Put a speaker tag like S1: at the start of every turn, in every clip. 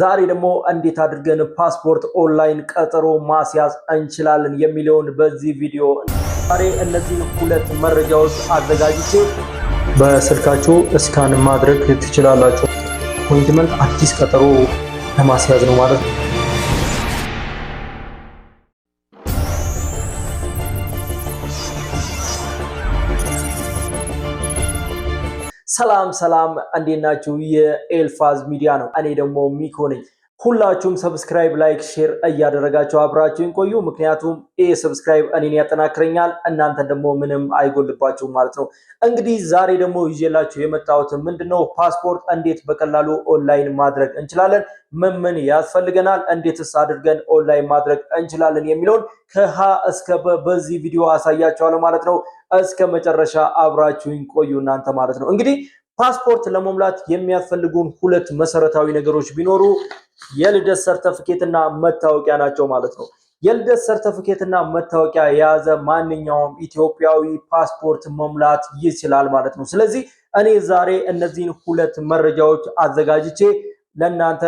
S1: ዛሬ ደግሞ እንዴት አድርገን ፓስፖርት ኦንላይን ቀጠሮ ማስያዝ እንችላለን የሚለውን በዚህ ቪዲዮ ዛሬ እነዚህ ሁለት መረጃዎች አዘጋጅቼ በስልካችሁ እስካን ማድረግ ትችላላችሁ። አፖይንትመንት አዲስ ቀጠሮ ለማስያዝ ነው ማለት ነው። ሰላም ሰላም፣ እንዴት ናችሁ? የኤልፋዝ ሚዲያ ነው። እኔ ደግሞ ሚኮ ነኝ። ሁላችሁም ሰብስክራይብ፣ ላይክ፣ ሼር እያደረጋችሁ አብራችሁን ቆዩ። ምክንያቱም ይህ ሰብስክራይብ እኔን ያጠናክረኛል እናንተ ደግሞ ምንም አይጎልባችሁም ማለት ነው። እንግዲህ ዛሬ ደግሞ ይዤላችሁ የመጣሁት ምንድነው ፓስፖርት እንዴት በቀላሉ ኦንላይን ማድረግ እንችላለን፣ ምን ምን ያስፈልገናል፣ እንዴትስ አድርገን ኦንላይን ማድረግ እንችላለን የሚለውን ከሀ እስከ በ በዚህ ቪዲዮ አሳያችኋለሁ ማለት ነው። እስከ መጨረሻ አብራችሁኝ ቆዩ እናንተ ማለት ነው። እንግዲህ ፓስፖርት ለመሙላት የሚያስፈልጉን ሁለት መሰረታዊ ነገሮች ቢኖሩ የልደት ሰርተፍኬትና መታወቂያ ናቸው ማለት ነው። የልደት ሰርተፍኬትና መታወቂያ የያዘ ማንኛውም ኢትዮጵያዊ ፓስፖርት መሙላት ይችላል ማለት ነው። ስለዚህ እኔ ዛሬ እነዚህን ሁለት መረጃዎች አዘጋጅቼ ለእናንተ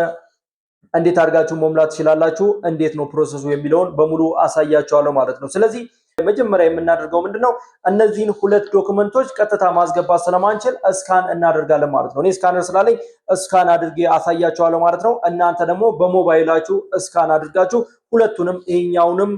S1: እንዴት አድርጋችሁ መሙላት ትችላላችሁ፣ እንዴት ነው ፕሮሰሱ የሚለውን በሙሉ አሳያችኋለሁ ማለት ነው። ስለዚህ መጀመሪያ የምናደርገው ምንድነው እነዚህን ሁለት ዶክመንቶች ቀጥታ ማስገባት ስለማንችል እስካን እናደርጋለን ማለት ነው። እኔ ስላለኝ እስካን አድርጌ አሳያችኋለሁ ማለት ነው። እናንተ ደግሞ በሞባይላችሁ እስካን አድርጋችሁ ሁለቱንም ይሄኛውንም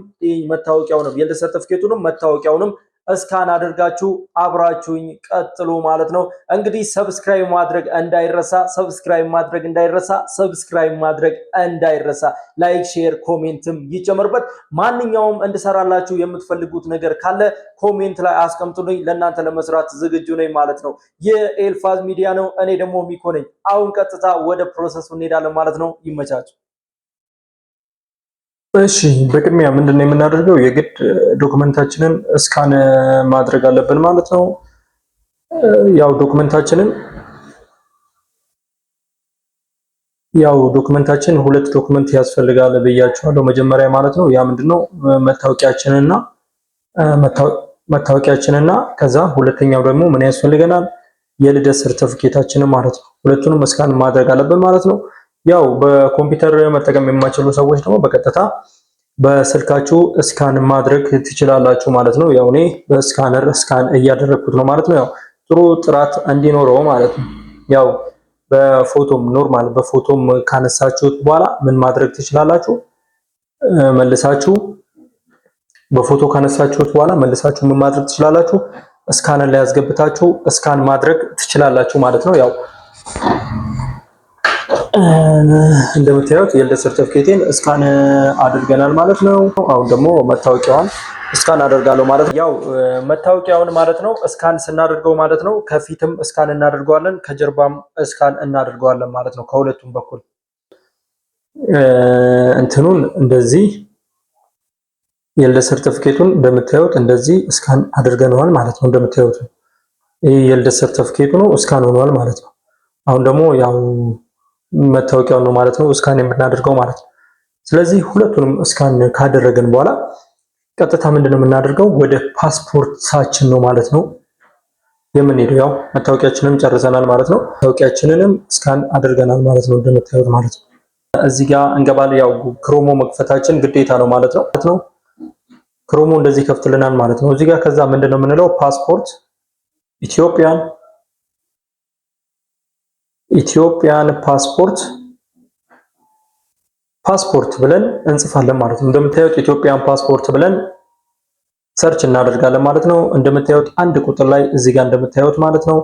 S1: መታወቂያውንም የልደት ሰርተፍኬቱንም መታወቂያውንም እስካን አድርጋችሁ አብራችሁኝ ቀጥሉ ማለት ነው። እንግዲህ ሰብስክራይብ ማድረግ እንዳይረሳ፣ ሰብስክራይብ ማድረግ እንዳይረሳ፣ ሰብስክራይብ ማድረግ እንዳይረሳ። ላይክ፣ ሼር፣ ኮሜንትም ይጨመርበት። ማንኛውም እንድሰራላችሁ የምትፈልጉት ነገር ካለ ኮሜንት ላይ አስቀምጡልኝ። ለእናንተ ለመስራት ዝግጁ ነኝ ማለት ነው። የኤልፋዝ ሚዲያ ነው። እኔ ደግሞ ሚኮ ነኝ። አሁን ቀጥታ ወደ ፕሮሰሱ እንሄዳለን ማለት ነው። ይመቻችሁ። እሺ በቅድሚያ ምንድን ነው የምናደርገው? የግድ ዶክመንታችንን እስካን ማድረግ አለብን ማለት ነው። ያው ዶክመንታችንን ያው ዶክመንታችን ሁለት ዶክመንት ያስፈልጋል ብያችኋለሁ መጀመሪያ ማለት ነው። ያ ምንድነው መታወቂያችንና መታወቂያችንና ከዛ ሁለተኛው ደግሞ ምን ያስፈልገናል? የልደት ሰርተፍኬታችንን ማለት ነው። ሁለቱንም እስካን ማድረግ አለብን ማለት ነው። ያው በኮምፒውተር መጠቀም የማይችሉ ሰዎች ደግሞ በቀጥታ በስልካችሁ እስካን ማድረግ ትችላላችሁ ማለት ነው። ያው እኔ በስካነር እስካን እያደረግኩት ነው ማለት ነው። ያው ጥሩ ጥራት እንዲኖረው ማለት ነው። ያው በፎቶም ኖርማል በፎቶም ካነሳችሁት በኋላ ምን ማድረግ ትችላላችሁ? መልሳችሁ በፎቶ ካነሳችሁት በኋላ መልሳችሁ ምን ማድረግ ትችላላችሁ? እስካነር ላይ ያስገብታችሁ እስካን ማድረግ ትችላላችሁ ማለት ነው ያው እንደምታዩት የልደት ሰርተፍኬቴን እስካን አድርገናል ማለት ነው። አሁን ደግሞ መታወቂያዋን እስካን አደርጋለሁ ማለት ነው። ያው መታወቂያውን ማለት ነው እስካን ስናደርገው ማለት ነው ከፊትም እስካን እናደርገዋለን፣ ከጀርባም እስካን እናደርገዋለን ማለት ነው። ከሁለቱም በኩል እንትኑን እንደዚህ የልደት ሰርተፍኬቱን እንደምታዩት እንደዚህ እስካን አድርገነዋል ማለት ነው። እንደምታዩት ይህ የልደት ሰርተፍኬቱ ነው፣ እስካን ሆኗል ማለት ነው። አሁን ደግሞ ያው መታወቂያውን ነው ማለት ነው እስካን የምናደርገው ማለት ነው። ስለዚህ ሁለቱንም እስካን ካደረግን በኋላ ቀጥታ ምንድን ነው የምናደርገው ወደ ፓስፖርታችን ነው ማለት ነው የምንሄደው። ያው መታወቂያችንንም ጨርሰናል ማለት ነው። መታወቂያችንንም እስካን አድርገናል ማለት ነው እንደምታዩት ማለት ነው። እዚህ ጋር እንገባለን። ያው ክሮሞ መክፈታችን ግዴታ ነው ማለት ነው። ክሮሞ እንደዚህ ከፍትልናል ማለት ነው። እዚህ ጋር ከዛ ምንድን ነው የምንለው ፓስፖርት ኢትዮጵያን ኢትዮጵያን ፓስፖርት ፓስፖርት ብለን እንጽፋለን ማለት ነው። እንደምታዩት ኢትዮጵያን ፓስፖርት ብለን ሰርች እናደርጋለን ማለት ነው። እንደምታዩት አንድ ቁጥር ላይ እዚህ ጋር እንደምታዩት ማለት ነው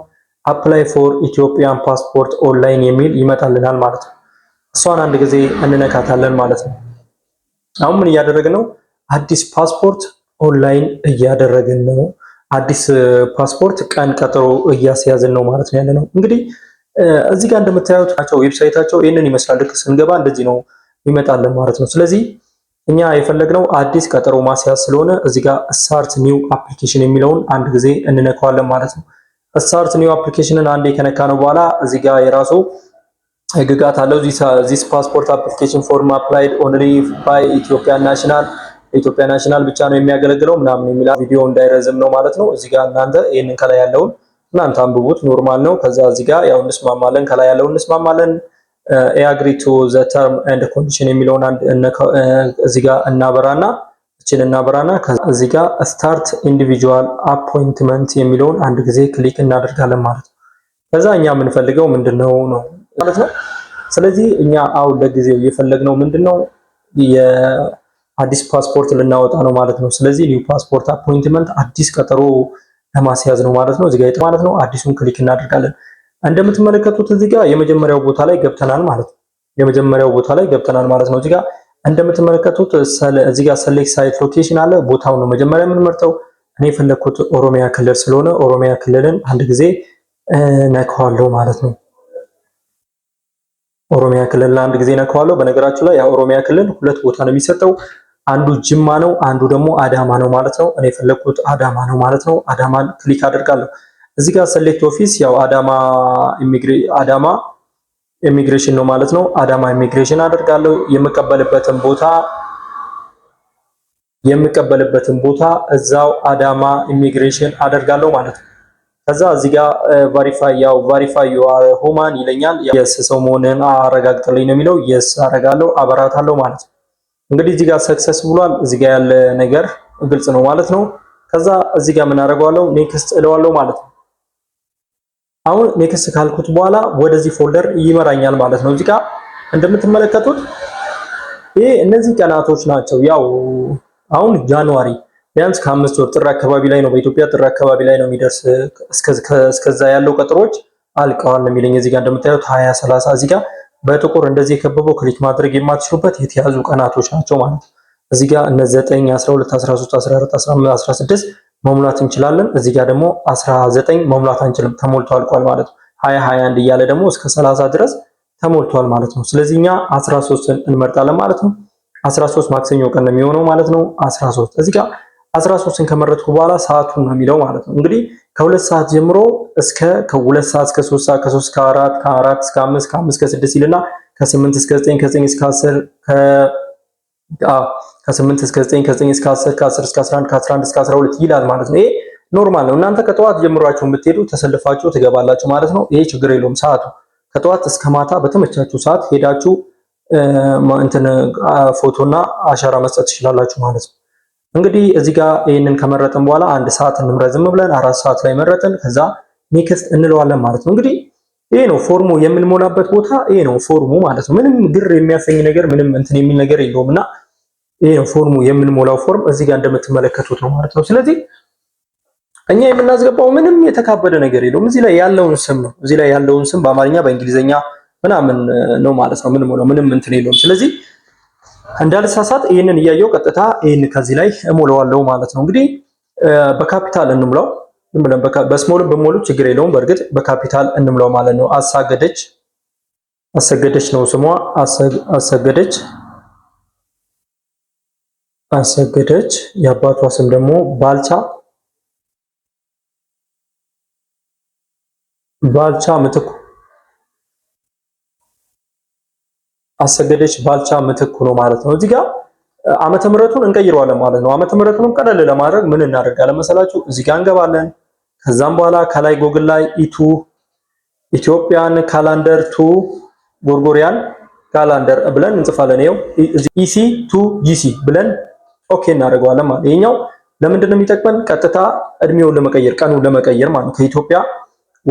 S1: አፕላይ ፎር ኢትዮጵያን ፓስፖርት ኦንላይን የሚል ይመጣልናል ማለት ነው። እሷን አንድ ጊዜ እንነካታለን ማለት ነው። አሁን ምን እያደረግን ነው? አዲስ ፓስፖርት ኦንላይን እያደረግን ነው። አዲስ ፓስፖርት ቀን ቀጠሮ እያስያዝን ነው ማለት ነው ያለ ነው እንግዲህ እዚህ ጋር እንደምታዩት ናቸው ዌብሳይታቸው ይህንን ይመስላል። ልክ ስንገባ እንደዚህ ነው ይመጣል ማለት ነው። ስለዚህ እኛ የፈለግነው አዲስ ቀጠሮ ማስያዝ ስለሆነ እዚህ ጋር ስታርት ኒው አፕሊኬሽን የሚለውን አንድ ጊዜ እንነካዋለን ማለት ነው። ስታርት ኒው አፕሊኬሽንን አንዴ ከነካ ነው በኋላ እዚህ ጋር የራሱ ህግጋት አለው። ዚስ ፓስፖርት አፕሊኬሽን ፎርም አፕላይድ ኦንሊ ባይ ኢትዮጵያ ናሽናል ኢትዮጵያ ናሽናል ብቻ ነው የሚያገለግለው ምናምን የሚላ ቪዲዮ እንዳይረዝም ነው ማለት ነው። እዚህ ጋር እናንተ ይህንን ከላይ ያለውን እናንተ አንብቡት፣ ኖርማል ነው። ከዛ እዚህ ጋር ያው እንስማማለን፣ ከላይ ያለው እንስማማለን። ኤአግሪ ቱ ዘ ተርም ኤንድ ኮንዲሽን የሚለውን እዚህ ጋር እናበራና እችን እናበራና እዚህ ጋር ስታርት ኢንዲቪጁዋል አፖይንትመንት የሚለውን አንድ ጊዜ ክሊክ እናደርጋለን ማለት ነው። ከዛ እኛ የምንፈልገው ምንድነው ነው ማለት ነው። ስለዚህ እኛ አሁን ለጊዜው እየፈለግነው ምንድነው የአዲስ ፓስፖርት ልናወጣ ነው ማለት ነው። ስለዚህ ኒው ፓስፖርት አፖይንትመንት አዲስ ቀጠሮ ለማስያዝ ነው ማለት ነው። እዚጋ ጋር ማለት ነው አዲሱን ክሊክ እናደርጋለን። እንደምትመለከቱት እዚጋ የመጀመሪያው ቦታ ላይ ገብተናል ማለት ነው። የመጀመሪያው ቦታ ላይ ገብተናል ማለት ነው። እዚጋ እንደምትመለከቱት እዚጋ ሰሌክ ሰሌክት ሳይት ሎኬሽን አለ። ቦታው ነው መጀመሪያ የምንመርጠው። እኔ የፈለግኩት ኦሮሚያ ክልል ስለሆነ ኦሮሚያ ክልልን አንድ ጊዜ ነካዋለሁ ማለት ነው። ኦሮሚያ ክልል አንድ ጊዜ ነካዋለሁ። በነገራችሁ ላይ ያ ኦሮሚያ ክልል ሁለት ቦታ ነው የሚሰጠው አንዱ ጅማ ነው፣ አንዱ ደግሞ አዳማ ነው ማለት ነው። እኔ የፈለግኩት አዳማ ነው ማለት ነው። አዳማን ክሊክ አደርጋለሁ። እዚህ ጋር ሰሌክት ኦፊስ ያው አዳማ አዳማ ኢሚግሬሽን ነው ማለት ነው። አዳማ ኢሚግሬሽን አደርጋለሁ። የምቀበልበትን ቦታ የምቀበልበትን ቦታ እዛው አዳማ ኢሚግሬሽን አደርጋለሁ ማለት ነው። ከዛ እዚህ ጋር ቫሪፋይ ያው ቫሪፋይ ዩ አር ሁማን ይለኛል። የስ ሰው መሆንን አረጋግጥልኝ ነው የሚለው። የስ አረጋለሁ፣ አበራታለሁ ማለት ነው። እንግዲህ እዚህ ጋር ሰክሰስ ብሏል። እዚህ ጋር ያለ ነገር ግልጽ ነው ማለት ነው። ከዛ እዚህ ጋር ምን አደርገዋለሁ? ኔክስት እለዋለሁ ማለት ነው። አሁን ኔክስት ካልኩት በኋላ ወደዚህ ፎልደር ይመራኛል ማለት ነው። እዚህ ጋር እንደምትመለከቱት ይሄ እነዚህ ቀናቶች ናቸው። ያው አሁን ጃንዋሪ ቢያንስ ከአምስት ወር ጥር አካባቢ ላይ ነው በኢትዮጵያ ጥር አካባቢ ላይ ነው የሚደርስ። እስከዛ ያለው ቀጠሮች አልቀዋል የሚለኝ እዚህ ጋር እንደምታዩት 20 30 እዚህ ጋር በጥቁር እንደዚህ ከበቦ ክሊክ ማድረግ የማትችሉበት የተያዙ ቀናቶች ናቸው ማለት ነው። እዚህ ጋር እነ 9፣ 12፣ 13፣ 14፣ 15፣ 16 መሙላት እንችላለን። እዚህ ጋር ደግሞ 19 መሙላት አንችልም፣ ተሞልቶ አልቋል ማለት ነው። 20፣ 21 እያለ ደግሞ እስከ 30 ድረስ ተሞልቷል ማለት ነው። ስለዚህ እኛ 13 እንመርጣለን ማለት ነው። 13 ማክሰኞ ቀን ነው የሚሆነው ማለት ነው። 13 እዚህ ጋር 13ን ከመረጥኩ በኋላ ሰዓቱን ነው የሚለው ማለት ነው። እንግዲህ ከሁለት ሰዓት ጀምሮ እስከ ከሁለት ሰዓት እስከ 3 ሰዓት ከ3 እስከ 4 ከ4 እስከ 5 ከ5 እስከ 6 ይልና ከ8 እስከ 9 ከ9 እስከ 10 ከ8 እስከ 9 ከ9 እስከ 10 ከ10 እስከ 11 ከ11 እስከ 12 ይላል ማለት ነው። ይሄ ኖርማል ነው። እናንተ ከጠዋት ጀምሯችሁ የምትሄዱ ተሰልፋችሁ ትገባላችሁ ማለት ነው። ይሄ ችግር የለውም። ሰዓቱ ከጠዋት እስከ ማታ በተመቻችሁ ሰዓት ሄዳችሁ እንትን ፎቶና አሻራ መስጠት ትችላላችሁ ማለት ነው። እንግዲህ እዚህ ጋር ይህንን ከመረጥን በኋላ አንድ ሰዓት እንምረዝም ብለን አራት ሰዓት ላይ መረጥን። ከዛ ኔክስት እንለዋለን ማለት ነው። እንግዲህ ይሄ ነው ፎርሙ የምንሞላበት ቦታ ይሄ ነው ፎርሙ ማለት ነው። ምንም ግር የሚያሰኝ ነገር ምንም እንትን የሚል ነገር የለውም እና ይሄ ነው ፎርሙ የምንሞላው ፎርም እዚህ ጋር እንደምትመለከቱት ነው ማለት ነው። ስለዚህ እኛ የምናስገባው ምንም የተካበደ ነገር የለውም። እዚህ ላይ ያለውን ስም ነው እዚህ ላይ ያለውን ስም በአማርኛ በእንግሊዝኛ ምናምን ነው ማለት ነው። ምንም ምንም እንትን የለውም። ስለዚህ እንዳልሳሳት ይህንን እያየው ቀጥታ ይህን ከዚህ ላይ እሞለዋለው ማለት ነው። እንግዲህ በካፒታል እንምለው በስሞልም በሞሉ ችግር የለውም። በእርግጥ በካፒታል እንሙላው ማለት ነው። አሳገደች አሰገደች ነው ስሟ። አሰገደች አሰገደች። የአባቷ ስም ደግሞ ባልቻ ባልቻ ምትኩ አሰገደች ባልቻ ምትክ ነው ማለት ነው። እዚህ ጋር ዓመተ ምሕረቱን እንቀይረዋለን ማለት ነው። ዓመተ ምሕረቱንም ቀለል ለማድረግ ምን እናደርጋለን መሰላችሁ? እዚህ ጋር እንገባለን። ከዛም በኋላ ከላይ ጎግል ላይ ኢቱ ኢትዮጵያን ካላንደር ቱ ጎርጎሪያን ካላንደር ብለን እንጽፋለን። ይኸው ኢሲ ቱ ጂሲ ብለን ኦኬ እናደርገዋለን ማለት ይሄኛው ለምንድን ነው የሚጠቅመን? ቀጥታ እድሜውን ለመቀየር ቀኑን ለመቀየር ማለት ነው። ከኢትዮጵያ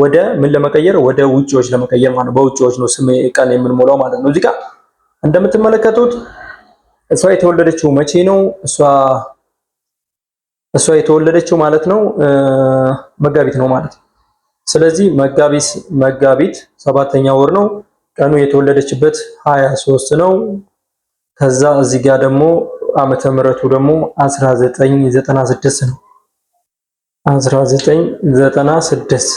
S1: ወደ ምን ለመቀየር ወደ ውጭዎች ለመቀየር ማለት ነው። በውጭዎች ነው ስም ቀን የምንሞላው ማለት ነው እዚህ ጋር እንደምትመለከቱት እሷ የተወለደችው መቼ ነው? እሷ እሷ የተወለደችው ማለት ነው መጋቢት ነው ማለት ነው። ስለዚህ መጋቢት መጋቢት ሰባተኛ ወር ነው። ቀኑ የተወለደችበት 23 ነው። ከዛ እዚህ ጋር ደግሞ ዓመተ ምሕረቱ ደግሞ 1996 ነው። 1996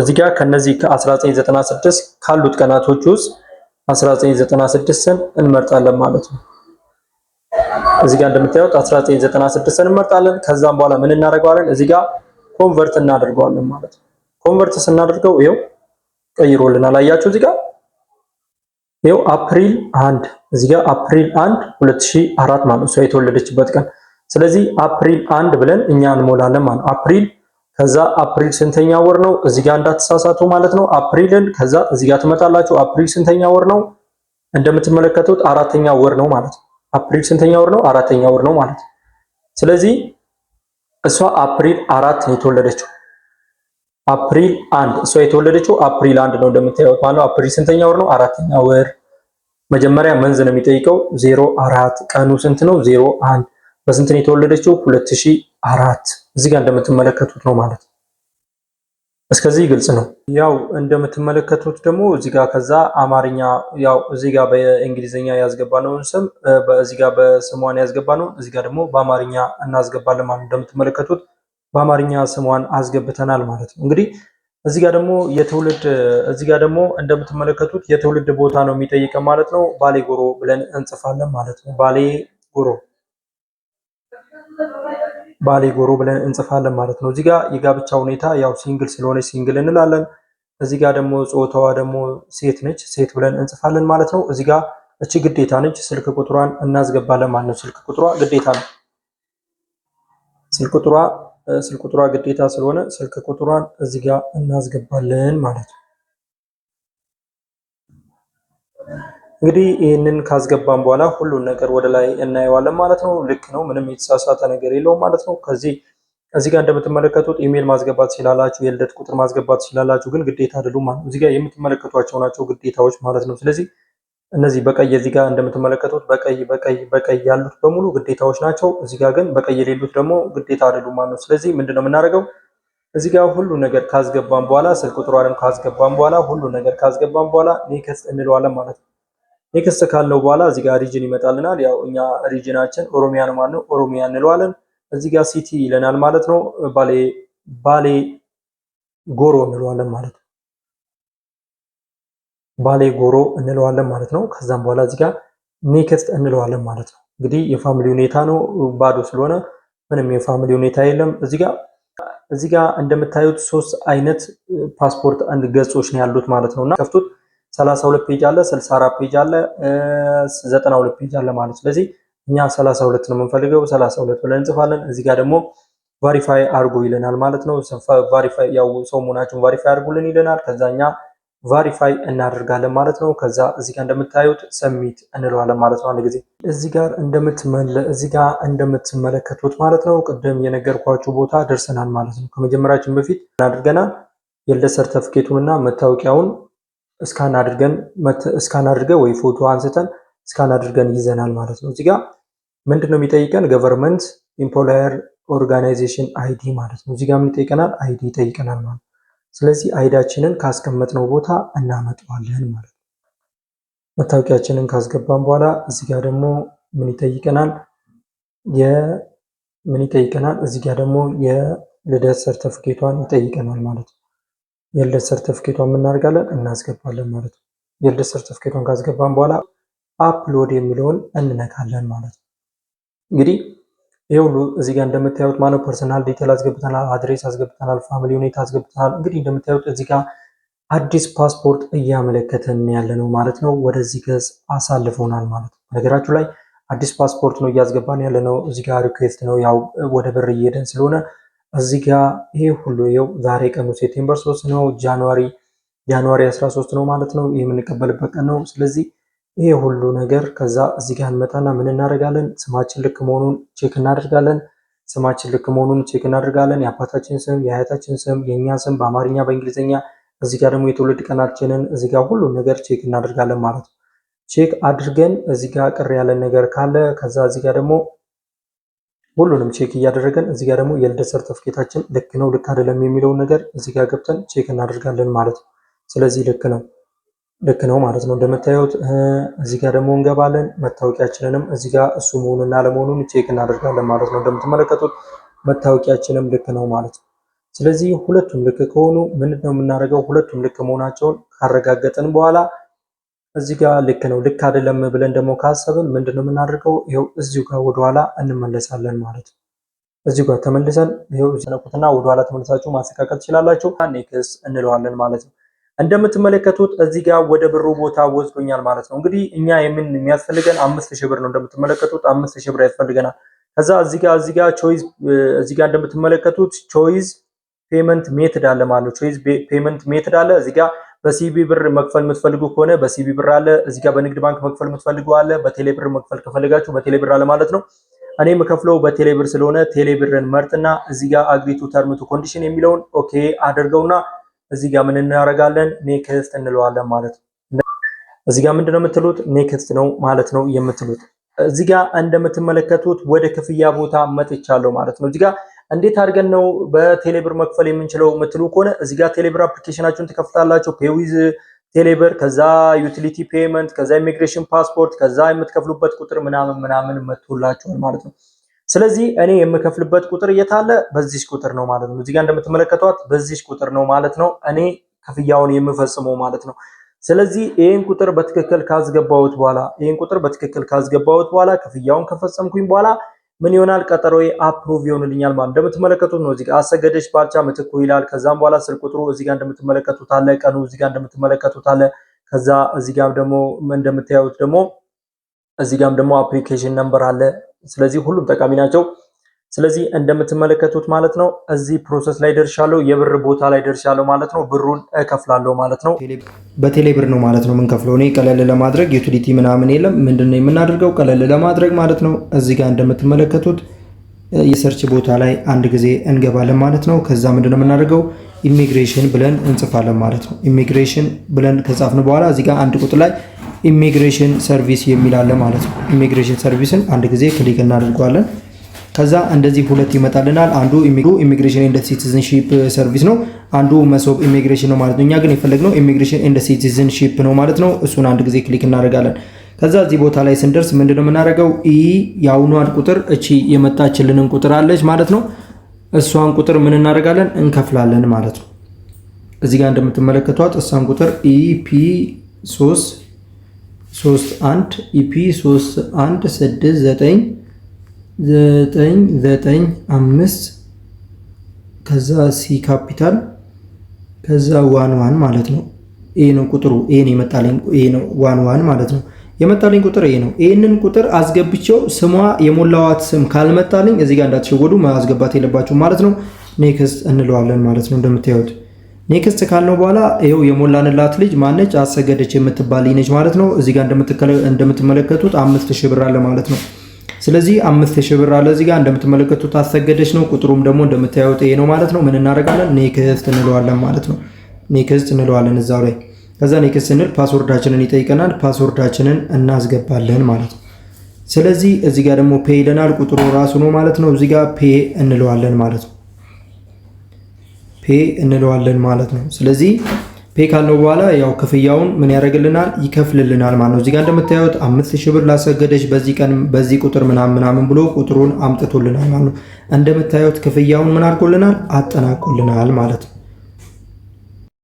S1: እዚህ ጋር ከነዚህ ከ1996 ካሉት ቀናቶች ውስጥ 1996ን እንመርጣለን ማለት ነው። እዚህ ጋር እንደምታዩት 1996ን እንመርጣለን። ከዛም በኋላ ምን እናደርገዋለን? እዚህ ጋር ኮንቨርት እናደርገዋለን ማለት ነው። ኮንቨርት ስናደርገው ይኸው ቀይሮልናል። አያችሁ እዚህ ጋር ይኸው አፕሪል 1 እዚህ ጋር አፕሪል 1 2004 ማለት ነው የተወለደችበት ቀን። ስለዚህ አፕሪል 1 ብለን እኛ እንሞላለን ማለት አፕሪል ከዛ አፕሪል ስንተኛ ወር ነው? እዚህ ጋር እንዳትሳሳቱ ማለት ነው። አፕሪልን ከዛ እዚህ ጋር ትመጣላችሁ። አፕሪል ስንተኛ ወር ነው? እንደምትመለከቱት አራተኛ ወር ነው ማለት ነው። አፕሪል ስንተኛ ወር ነው? አራተኛ ወር ነው ማለት ነው። ስለዚህ እሷ አፕሪል አራት ነው የተወለደችው። አፕሪል አንድ እሷ የተወለደችው አፕሪል አንድ ነው እንደምታዩት ማለት ነው። አፕሪል ስንተኛ ወር ነው? አራተኛ ወር። መጀመሪያ መንዝ ነው የሚጠይቀው። ዜሮ አራት ቀኑ ስንት ነው? ዜሮ አንድ በስንት ነው የተወለደችው? ሁለት ሺህ አራት እዚህ ጋር እንደምትመለከቱት ነው ማለት ነው። እስከዚህ ግልጽ ነው። ያው እንደምትመለከቱት ደግሞ እዚህ ጋር ከዛ አማርኛ ያው እዚህ ጋር በእንግሊዝኛ ያስገባነውን ስም በዚህ ጋር በስሟን ያስገባነውን እዚህ ጋር ደግሞ በአማርኛ እናስገባለን ማለት ነው። እንደምትመለከቱት በአማርኛ ስሟን አስገብተናል ማለት ነው። እንግዲህ እዚህ ጋር ደግሞ የትውልድ እዚህ ጋር ደግሞ እንደምትመለከቱት የትውልድ ቦታ ነው የሚጠይቀን ማለት ነው። ባሌ ጎሮ ብለን እንጽፋለን ማለት ነው። ባሌ ጎሮ ባሌ ጎሮ ብለን እንጽፋለን ማለት ነው። እዚጋ የጋብቻ ሁኔታ ያው ሲንግል ስለሆነች ሲንግል እንላለን። እዚጋ ደግሞ ጾታዋ ደግሞ ሴት ነች፣ ሴት ብለን እንጽፋለን ማለት ነው። እዚጋ እቺ ግዴታ ነች፣ ስልክ ቁጥሯን እናስገባለን ማለት ነው። ስልክ ቁጥሯ ግዴታ ነው። ስልክ ቁጥሯ ስልክ ቁጥሯ ግዴታ ስለሆነ ስልክ ቁጥሯን እዚጋ እናስገባለን ማለት ነው። እንግዲህ ይህንን ካስገባን በኋላ ሁሉን ነገር ወደ ላይ እናየዋለን ማለት ነው። ልክ ነው፣ ምንም የተሳሳተ ነገር የለውም ማለት ነው። ከዚህ እዚህ ጋር እንደምትመለከቱት ኢሜል ማስገባት ሲላላችሁ፣ የልደት ቁጥር ማስገባት ሲላላችሁ ግን ግዴታ አይደሉም ማለት ነው። እዚህ ጋር የምትመለከቷቸው ናቸው ግዴታዎች ማለት ነው። ስለዚህ እነዚህ በቀይ እዚህ ጋር እንደምትመለከቱት በቀይ በቀይ በቀይ ያሉት በሙሉ ግዴታዎች ናቸው። እዚህ ጋር ግን በቀይ የሌሉት ደግሞ ግዴታ አይደሉም ማለት ነው። ስለዚህ ምንድነው የምናደርገው? እዚህ ጋር ሁሉ ነገር ካስገባን በኋላ ስልክ ቁጥሯንም ካስገባን በኋላ ሁሉ ነገር ካስገባን በኋላ ኔክስት እንለዋለን ማለት ነው። ኔክስት ካለው በኋላ እዚህ ጋር ሪጅን ይመጣልናል። ያው እኛ ሪጅናችን ኦሮሚያ ነው ማለት ነው። ኦሮሚያ እንለዋለን። እዚህ ጋር ሲቲ ይለናል ማለት ነው። ባሌ ባሌ ጎሮ እንለዋለን ማለት ነው። ባሌ ጎሮ እንለዋለን ማለት ነው። ከዛም በኋላ እዚህ ጋር ኔክስት እንለዋለን ማለት ነው። እንግዲህ የፋሚሊ ሁኔታ ነው ባዶ ስለሆነ ምንም የፋሚሊ ሁኔታ የለም። እዚህ ጋር እዚህ ጋር እንደምታዩት ሶስት አይነት ፓስፖርት አንድ ገጾች ነው ያሉት ማለት ነውና ከፍቱት 32 ፔጅ አለ፣ 64 ፔጅ አለ፣ 92 ፔጅ አለ ማለት። ስለዚህ እኛ 32 ነው የምንፈልገው፣ 32 ብለን እንጽፋለን። እዚህ ጋር ደግሞ ቫሪፋይ አርጉ ይለናል ማለት ነው። ቫሪፋይ ያው ሰው መሆናቸውን ቫሪፋይ አርጉልን ይለናል። ከዛ እኛ ቫሪፋይ እናደርጋለን ማለት ነው። ከዛ እዚህ ጋር እንደምታዩት ሰሚት እንለዋለን ማለት ነው። አንድ ጊዜ እዚህ ጋር እንደምትመለ እዚህ ጋር እንደምትመለከቱት ማለት ነው። ቅድም የነገርኳችሁ ቦታ ደርሰናል ማለት ነው። ከመጀመሪያችን በፊት እናደርገናል የልደት ሰርተፍኬቱን እና መታወቂያውን እስካን አድርገን እስካን አድርገን ወይ ፎቶ አንስተን እስካን አድርገን ይዘናል ማለት ነው። እዚጋ ምንድን ነው የሚጠይቀን? ገቨርንመንት ኢምፕሎየር ኦርጋናይዜሽን አይዲ ማለት ነው። እዚጋ ምን ይጠይቀናል? አይዲ ይጠይቀናል ማለት ነው። ስለዚህ አይዳችንን ካስቀመጥነው ቦታ እናመጣዋለን ማለት ነው። መታወቂያችንን ካስገባን በኋላ እዚጋ ደግሞ ምን ይጠይቀናል? ምን ይጠይቀናል? እዚጋ ደግሞ የልደት ሰርተፍኬቷን ይጠይቀናል ማለት ነው። የልደት ሰርተፍኬቷን የምናደርጋለን እናስገባለን ማለት ነው። የልደት ሰርተፍኬቷን ካስገባን በኋላ አፕሎድ የሚለውን እንነካለን ማለት ነው። እንግዲህ ይህ ሁሉ እዚህ ጋር እንደምታዩት ማለት ፐርሰናል ዲቴል አስገብተናል፣ አድሬስ አስገብተናል፣ ፋሚሊ ሁኔታ አስገብተናል። እንግዲህ እንደምታዩት እዚህ ጋር አዲስ ፓስፖርት እያመለከተን ያለ ነው ማለት ነው። ወደዚህ ገጽ አሳልፈውናል ማለት ነው። ነገራችሁ ላይ አዲስ ፓስፖርት ነው እያስገባን ያለ ነው። እዚህ ጋር ሪኩዌስት ነው ያው ወደ ብር እየሄደን ስለሆነ እዚህ ጋ ይሄ ሁሉ ይኸው ዛሬ ቀኑ ሴፕቴምበር 3 ነው። ጃንዋሪ ጃንዋሪ 13 ነው ማለት ነው። የምንቀበልበት ቀን ነው። ስለዚህ ይሄ ሁሉ ነገር ከዛ እዚህ ጋር እንመጣና ምን እናደርጋለን? ስማችን ልክ መሆኑን ቼክ እናደርጋለን። ስማችን ልክ መሆኑን ቼክ እናደርጋለን። የአባታችን ስም፣ የአያታችን ስም፣ የእኛ ስም በአማርኛ በእንግሊዝኛ፣ እዚህ ጋር ደግሞ የትውልድ ቀናችንን እዚህ ጋር ሁሉ ነገር ቼክ እናደርጋለን ማለት ነው። ቼክ አድርገን እዚህ ጋር ቅር ያለን ነገር ካለ ከዛ እዚህ ጋር ደግሞ ሁሉንም ቼክ እያደረገን እዚህ ጋር ደግሞ የልደት ሰርተፍኬታችን ልክ ነው ልክ አይደለም የሚለውን ነገር እዚህ ጋር ገብተን ቼክ እናደርጋለን ማለት ነው። ስለዚህ ልክ ነው ልክ ነው ማለት ነው እንደምታዩት። እዚህ ጋር ደግሞ እንገባለን መታወቂያችንንም እዚህ ጋር እሱ መሆኑና አለመሆኑን ቼክ እናደርጋለን ማለት ነው። እንደምትመለከቱት መታወቂያችንም ልክ ነው ማለት ነው። ስለዚህ ሁለቱም ልክ ከሆኑ ምንድን ነው የምናደርገው? ሁለቱም ልክ መሆናቸውን ካረጋገጥን በኋላ እዚህ ጋር ልክ ነው ልክ አይደለም ብለን ደግሞ ካሰብን ምንድን ነው የምናደርገው? ይኸው እዚሁ ጋር ወደኋላ እንመለሳለን ማለት ነው። እዚሁ ጋር ተመልሰን ይኸው ተነቁትና ወደኋላ ተመልሳችሁ ማስተካከል ትችላላችሁ። ኔክስ እንለዋለን ማለት ነው። እንደምትመለከቱት እዚህ ጋር ወደ ብሩ ቦታ ወስዶኛል ማለት ነው። እንግዲህ እኛ የምን የሚያስፈልገን አምስት ሺህ ብር ነው። እንደምትመለከቱት አምስት ሺህ ብር ያስፈልገናል። ከዛ እዚህ ጋር እዚህ ጋር ቾይስ እዚህ ጋር እንደምትመለከቱት ቾይስ ፔመንት ሜትድ አለ ማለት ነው። ቾይስ ፔመንት ሜትድ አለ እዚህ ጋር በሲቢ ብር መክፈል የምትፈልጉ ከሆነ በሲቢ ብር አለ። እዚህ ጋር በንግድ ባንክ መክፈል የምትፈልጉ አለ። በቴሌ ብር መክፈል ከፈለጋችሁ በቴሌ ብር አለ ማለት ነው። እኔ የምከፍለው በቴሌ ብር ስለሆነ ቴሌ ብርን መርጥና እዚህ ጋር አግሪቱ ተርምቱ ኮንዲሽን የሚለውን ኦኬ አድርገውና እዚህ ጋር ምን እናደርጋለን? ኔክስት እንለዋለን ማለት ነው። እዚህ ጋር ምንድነው የምትሉት? ኔክስት ነው ማለት ነው የምትሉት። እዚህ ጋር እንደምትመለከቱት ወደ ክፍያ ቦታ መጥቻለሁ ማለት ነው። እዚህ ጋር እንዴት አድርገን ነው በቴሌብር መክፈል የምንችለው የምትሉ ከሆነ እዚህ ጋር ቴሌብር አፕሊኬሽናችሁን ትከፍታላችሁ። ፔዊዝ ቴሌብር፣ ከዛ ዩቲሊቲ ፔመንት፣ ከዛ ኢሚግሬሽን ፓስፖርት፣ ከዛ የምትከፍሉበት ቁጥር ምናምን ምናምን መጥቶላችኋል ማለት ነው። ስለዚህ እኔ የምከፍልበት ቁጥር እየታለ በዚህ ቁጥር ነው ማለት ነው። እዚህ ጋር እንደምትመለከቷት በዚህ ቁጥር ነው ማለት ነው እኔ ክፍያውን የምፈጽመው ማለት ነው። ስለዚህ ይህን ቁጥር በትክክል ካስገባሁት በኋላ ይህን ቁጥር በትክክል ካስገባሁት በኋላ ክፍያውን ከፈጸምኩኝ በኋላ ምን ይሆናል ቀጠሮ አፕሩቭ ይሆንልኛል ማለት እንደምትመለከቱት ነው። እዚጋ አሰገደች ባልቻ ምትኩ ይላል። ከዛም በኋላ ስልክ ቁጥሩ እዚጋ እንደምትመለከቱት አለ። ቀኑ እዚጋ እንደምትመለከቱት አለ። ከዛ እዚጋም ደግሞ እንደምታዩት ደግሞ እዚጋም ደግሞ አፕሊኬሽን ነምበር አለ። ስለዚህ ሁሉም ጠቃሚ ናቸው። ስለዚህ እንደምትመለከቱት ማለት ነው እዚህ ፕሮሰስ ላይ ደርሻለሁ፣ የብር ቦታ ላይ ደርሻለሁ ማለት ነው። ብሩን እከፍላለሁ ማለት ነው። በቴሌ ብር ነው ማለት ነው የምንከፍለው። እኔ ቀለል ለማድረግ ዩቲሊቲ ምናምን የለም። ምንድን ነው የምናደርገው? ቀለል ለማድረግ ማለት ነው እዚህ ጋር እንደምትመለከቱት የሰርች ቦታ ላይ አንድ ጊዜ እንገባለን ማለት ነው። ከዛ ምንድን ነው የምናደርገው? ኢሚግሬሽን ብለን እንጽፋለን ማለት ነው። ኢሚግሬሽን ብለን ከጻፍን በኋላ እዚህ ጋር አንድ ቁጥር ላይ ኢሚግሬሽን ሰርቪስ የሚላለ ማለት ነው። ኢሚግሬሽን ሰርቪስን አንድ ጊዜ ክሊክ እናደርገዋለን። ከዛ እንደዚህ ሁለት ይመጣልናል። አንዱ ኢሚግሬሽን ኤንድ ሲቲዝንሺፕ ሰርቪስ ነው። አንዱ መሶብ ኢሚግሬሽን ነው ማለት ነው። እኛ ግን የፈለግነው ኢሚግሬሽን ኤንድ ሲቲዝንሺፕ ነው ማለት ነው። እሱን አንድ ጊዜ ክሊክ እናደርጋለን። ከዛ እዚህ ቦታ ላይ ስንደርስ ምንድነው የምናደርገው? ኢ የአሁኗን ቁጥር እቺ የመጣችልንን ቁጥር አለች ማለት ነው። እሷን ቁጥር ምን እናደርጋለን? እንከፍላለን ማለት ነው። እዚህ ጋር እንደምትመለከቷት እሷን ቁጥር ኢፒ 3 3 1 ኢፒ 3 1 6 9 ዘጠኝ ዘጠኝ አምስት ከዛ ሲ ካፒታል ከዛ ዋን ዋን ማለት ነው። ኤ ነው ቁጥሩ ኤ ነው የመጣልኝ ኤ ነው ዋን ዋን ማለት ነው። የመጣልኝ ቁጥር ኤ ነው። ኤንን ቁጥር አስገብቼው ስሟ የሞላዋት ስም ካልመጣልኝ እዚህ ጋር እንዳትሸወዱ ማስገባት የለባችሁ ማለት ነው። ኔክስት እንለዋለን ማለት ነው። እንደምታዩት ኔክስት ካልነው በኋላ ይኸው የሞላንላት ልጅ ማነች? አሰገደች የምትባልኝ ነች ማለት ነው። እዚህ ጋር እንደምትመለከቱት አምስት ሺህ ብር አለ ማለት ነው። ስለዚህ አምስት ሺህ ብር አለ እዚህ ጋር እንደምትመለከቱት አሰገደች ነው። ቁጥሩም ደግሞ እንደምታዩት ይሄ ነው ማለት ነው። ምን እናደርጋለን? ኔክስት እንለዋለን ማለት ነው። ኔክስት እንለዋለን እዛው ላይ። ከዛ ኔክስት ስንል ፓስወርዳችንን ይጠይቀናል። ፓስወርዳችንን እናስገባለን ማለት ነው። ስለዚህ እዚህ ጋር ደግሞ ፔ ይለናል። ቁጥሩ ራሱ ነው ማለት ነው። እዚህ ጋር ፔ እንለዋለን ማለት ነው። ፔ እንለዋለን ማለት ነው። ስለዚህ ፔ ካለው በኋላ ያው ክፍያውን ምን ያደርግልናል? ይከፍልልናል ማለት ነው። እዚጋ እንደምታዩት አምስት ሺህ ብር ላሰገደች በዚህ ቀን በዚህ ቁጥር ምናምን ምናምን ብሎ ቁጥሩን አምጥቶልናል ማለት ነው። እንደምታዩት ክፍያውን ምን አድርጎልናል? አጠናቆልናል ማለት ነው።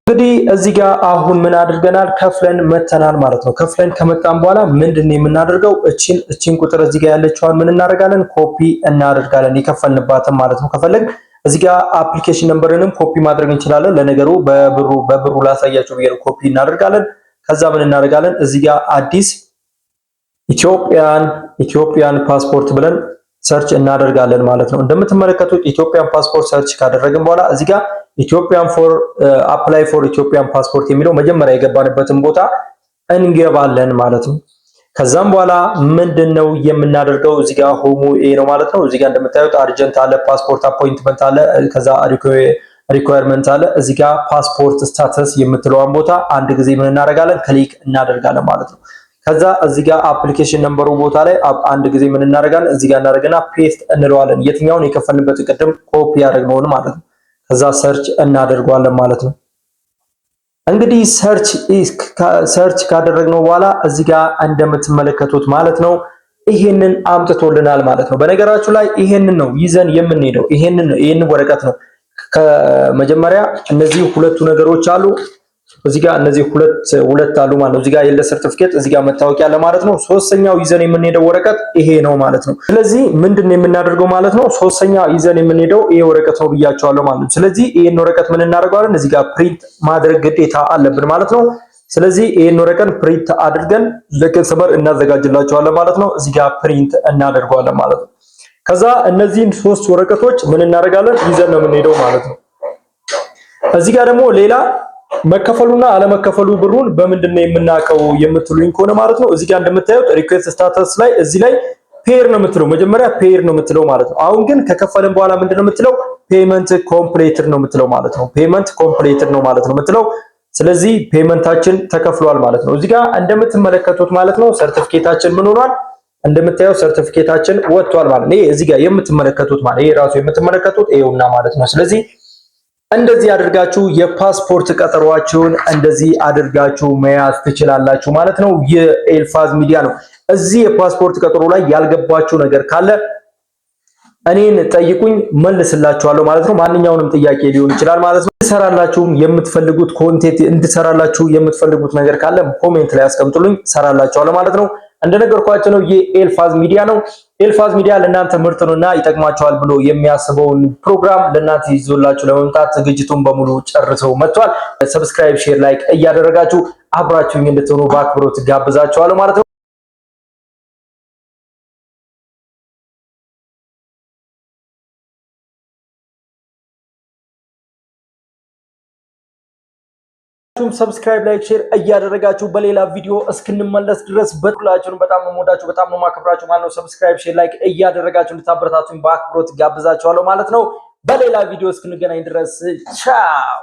S1: እንግዲህ እዚህ ጋር አሁን ምን አድርገናል? ከፍለን መተናል ማለት ነው። ከፍለን ከመጣን በኋላ ምንድን ነው የምናደርገው? እችን እችን ቁጥር እዚህ ጋር ያለችዋን ምን እናደርጋለን? ኮፒ እናደርጋለን የከፈልንባትን ማለት ነው ከፈለግ እዚህ ጋር አፕሊኬሽን ነምበርንም ኮፒ ማድረግ እንችላለን። ለነገሩ በብሩ በብሩ ላሳያችሁ ብዬ ኮፒ እናደርጋለን። ከዛ ምን እናደርጋለን? እዚህ ጋር አዲስ ኢትዮጵያን ኢትዮጵያን ፓስፖርት ብለን ሰርች እናደርጋለን ማለት ነው። እንደምትመለከቱት ኢትዮጵያን ፓስፖርት ሰርች ካደረግን በኋላ እዚህ ጋር ኢትዮጵያን ፎር አፕላይ ፎር ኢትዮጵያን ፓስፖርት የሚለው መጀመሪያ የገባንበትን ቦታ እንገባለን ማለት ነው። ከዛም በኋላ ምንድን ነው የምናደርገው? እዚህ ጋር ሆሙ ኤ ነው ማለት ነው። እዚህ ጋር እንደምታዩት አርጀንት አለ፣ ፓስፖርት አፖይንትመንት አለ፣ ከዛ ሪኳየርመንት አለ። እዚህ ጋር ፓስፖርት ስታተስ የምትለዋን ቦታ አንድ ጊዜ ምን እናደርጋለን? ክሊክ እናደርጋለን ማለት ነው። ከዛ እዚህ ጋር አፕሊኬሽን ነምበሩ ቦታ ላይ አንድ ጊዜ ምን እናደርጋለን? እዚህ ጋር እናደርግና ፔስት እንለዋለን። የትኛውን የከፈልንበት ቅድም ኮፒ ያደርግነውን ማለት ነው። ከዛ ሰርች እናደርገዋለን ማለት ነው። እንግዲህ ሰርች ሰርች ካደረግነው በኋላ እዚህ ጋር እንደምትመለከቱት ማለት ነው ይሄንን አምጥቶልናል ማለት ነው። በነገራችሁ ላይ ይሄንን ነው ይዘን የምንሄደው ይሄንን ወረቀት ነው። ከመጀመሪያ እነዚህ ሁለቱ ነገሮች አሉ። እዚህ ጋር እነዚህ ሁለት ሁለት አሉ ማለት ነው። እዚህ ጋር የለ ሰርቲፊኬት፣ እዚህ ጋር መታወቂያ ለማለት ነው። ሶስተኛው ይዘን የምንሄደው ወረቀት ይሄ ነው ማለት ነው። ስለዚህ ምንድን ነው የምናደርገው ማለት ነው? ሶስተኛ ይዘን የምንሄደው ይሄ ወረቀት ነው ብያቸዋለሁ ማለት ነው። ስለዚህ ይሄን ወረቀት ምን እናደርገዋለን? እዚህ ጋር ፕሪንት ማድረግ ግዴታ አለብን ማለት ነው። ስለዚህ ይሄን ወረቀት ፕሪንት አድርገን ለከስተመር እናዘጋጅላቸዋለን ማለት ነው። እዚህ ጋር ፕሪንት እናደርገዋለን ማለት ነው። ከዛ እነዚህን ሶስት ወረቀቶች ምን እናደርጋለን? ይዘን ነው የምንሄደው ማለት ነው። እዚህ ጋር ደግሞ ሌላ መከፈሉና አለመከፈሉ ብሩን በምንድን ነው የምናውቀው የምትሉኝ ከሆነ ማለት ነው እዚህ ጋር እንደምታዩት ሪኩዌስት ስታተስ ላይ እዚህ ላይ ፔር ነው የምትለው መጀመሪያ ፔር ነው የምትለው ማለት ነው። አሁን ግን ከከፈለን በኋላ ምንድን ነው የምትለው ፔመንት ኮምፕሌትድ ነው የምትለው ማለት ነው። ፔመንት ኮምፕሌትድ ነው ማለት ነው የምትለው ስለዚህ ፔመንታችን ተከፍሏል ማለት ነው። እዚህ ጋር እንደምትመለከቱት ማለት ነው ሰርቲፊኬታችን ምን ሆኗል? እንደምታየው ሰርቲፊኬታችን ወጥቷል ማለት ነው። ይሄ እዚህ ጋር የምትመለከቱት ማለት ይሄ ራሱ የምትመለከቱት ይኸውና ማለት ነው። ስለዚህ እንደዚህ አድርጋችሁ የፓስፖርት ቀጠሯችሁን እንደዚህ አድርጋችሁ መያዝ ትችላላችሁ ማለት ነው። የኤልፋዝ ሚዲያ ነው። እዚህ የፓስፖርት ቀጠሮ ላይ ያልገባችሁ ነገር ካለ እኔን ጠይቁኝ፣ መልስላችኋለሁ ማለት ነው። ማንኛውንም ጥያቄ ሊሆን ይችላል ማለት ነው። እንድሰራላችሁም የምትፈልጉት ኮንቴንት እንድሰራላችሁ የምትፈልጉት ነገር ካለ ኮሜንት ላይ አስቀምጡልኝ፣ ሰራላችኋለሁ ማለት ነው። እንደነገርኳቸው ነው። ይህ ኤልፋዝ ሚዲያ ነው። ኤልፋዝ ሚዲያ ለእናንተ ምርጥ ነውና ይጠቅማቸዋል ብሎ የሚያስበውን ፕሮግራም ለእናንተ ይዞላችሁ ለመምጣት ዝግጅቱን በሙሉ ጨርሰው መጥቷል። ሰብስክራይብ፣ ሼር፣ ላይክ እያደረጋችሁ አብራችሁኝ እንድትሆኑ በአክብሮት ጋብዛችኋለሁ ማለት ነው። ሁላችሁም ሰብስክራይብ ላይክ ሼር እያደረጋችሁ በሌላ ቪዲዮ እስክንመለስ ድረስ በሁላችሁንም በጣም ነው የምወዳችሁ፣ በጣም ነው የማከብራችሁ። ነው። ሰብስክራይብ ሼር ላይክ እያደረጋችሁ እንድታበረታቱኝ በአክብሮት ጋብዛችኋለሁ ማለት ነው። በሌላ ቪዲዮ እስክንገናኝ ድረስ ቻው።